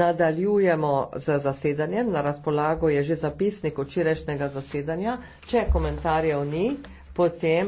Nadaljujemo z zasedanjem. Na razpolago je že zapisnik včerajšnjega zasedanja. Če komentarjev ni, potem.